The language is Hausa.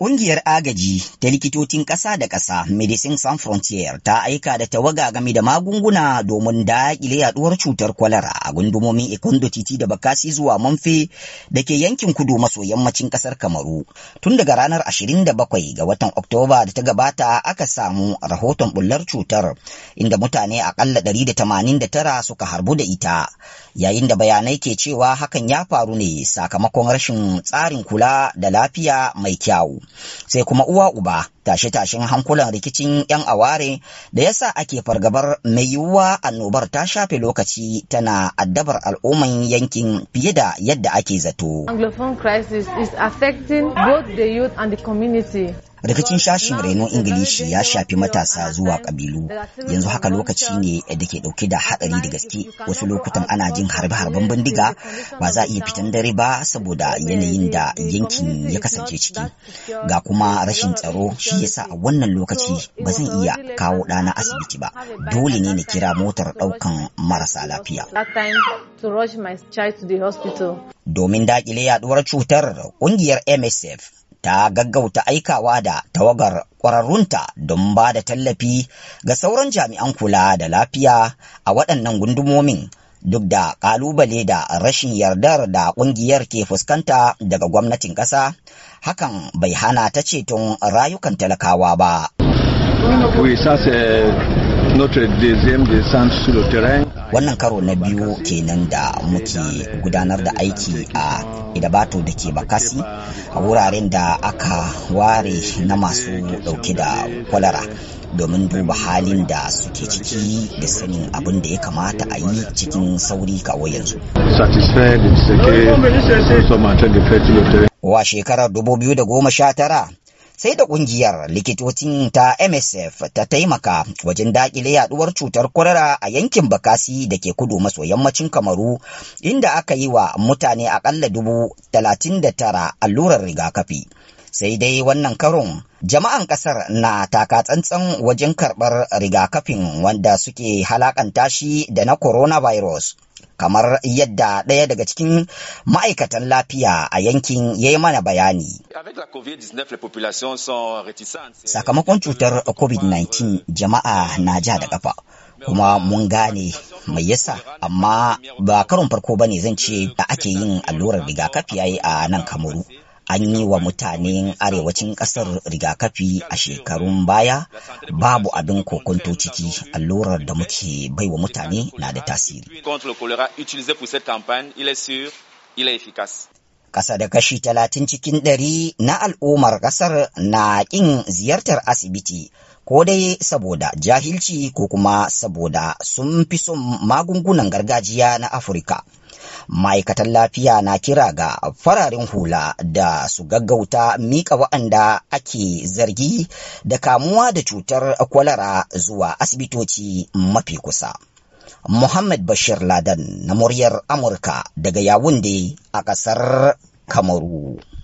Ƙungiyar agaji ta likitocin ƙasa da ƙasa Medicine Sans Frontier ta aika da tawaga game da magunguna domin daƙile yaduwar cutar kwalara a gundumomin Ikondo Titi da Bakasi zuwa Manfe da ke yankin kudu maso yammacin ƙasar Kamaru. Tun daga ranar 27 ga watan Oktoba da ta gabata aka samu rahoton bullar cutar inda mutane aƙalla 189 suka harbu da ita yayin da bayanai ke cewa hakan ya faru ne sakamakon rashin tsarin kula da lafiya mai kyawu. sai kuma uwa uba tashe-tashen hankulan rikicin 'yan aware da yasa ake fargabar mai yiwuwa annobar ta shafe lokaci tana addabar al'umman yankin fiye da yadda ake zato. Anglophone crisis is affecting both the youth and the rikicin shashin rainon ingilishi ya shafi matasa zuwa kabilu yanzu haka lokaci ne da ke dauke da hadari da gaske wasu lokutan ana jin harbe-harben bindiga ba za a iya fitan dare ba saboda yanayin da yankin ya kasance ciki ga kuma rashin tsaro shi yasa a wannan lokaci ba zan iya kawo ɗana asibiti ba dole ne na kira motar ɗaukan marasa lafiya domin daƙile yaduwar cutar ƙungiyar msf ta gaggauta aikawa da tawagar ƙwararrunta don ba da tallafi ga sauran jami'an kula da lafiya a waɗannan gundumomin duk da ƙalubale da rashin yardar da ƙungiyar ke fuskanta daga gwamnatin ƙasa hakan bai hana ta ceton rayukan talakawa ba. wannan karo na biyu kenan da muke gudanar da aiki a idabato da ke bakasi a wuraren da aka ware na masu dauke da kwalara domin duba halin da suke ciki da sanin abin da ya kamata a yi cikin sauri kawo yanzu wa shekarar 2019 sai da ƙungiyar likitocin ta MSF ta taimaka wajen daƙile yaduwar cutar kwarara a yankin Bakasi da ke kudu maso yammacin Kamaru inda aka yi wa mutane aƙalla dubu talatin da tara allurar rigakafi. sai dai wannan karon jama'an kasar na taka tsantsan wajen karɓar rigakafin wanda suke halakanta shi da na coronavirus. kamar yadda ɗaya daga cikin ma'aikatan lafiya a yankin ya yi mana bayani. Sakamakon cutar COVID-19 jama'a na ja da ƙafa. kuma mun gane mai yasa amma ba karon farko ba ne zan ce da ake yin allurar rigakafi yayi a nan kamaru an yi wa mutanen arewacin ƙasar rigakafi a shekarun baya babu abin kokonto ciki allurar da muke baiwa mutane na da tasiri. Ƙasa da kashi talatin cikin ɗari na al'ummar ƙasar na ƙin ziyartar asibiti ko dai saboda jahilci ko kuma saboda sun fi son magungunan gargajiya na Afirka. ma'aikatan lafiya na kira ga fararen hula da su gaggauta miƙa wa'anda ake zargi da kamuwa da cutar kwalara zuwa asibitoci mafi kusa. Muhammad Bashir Ladan na muryar Amurka daga Yawunde a ƙasar Kamaru.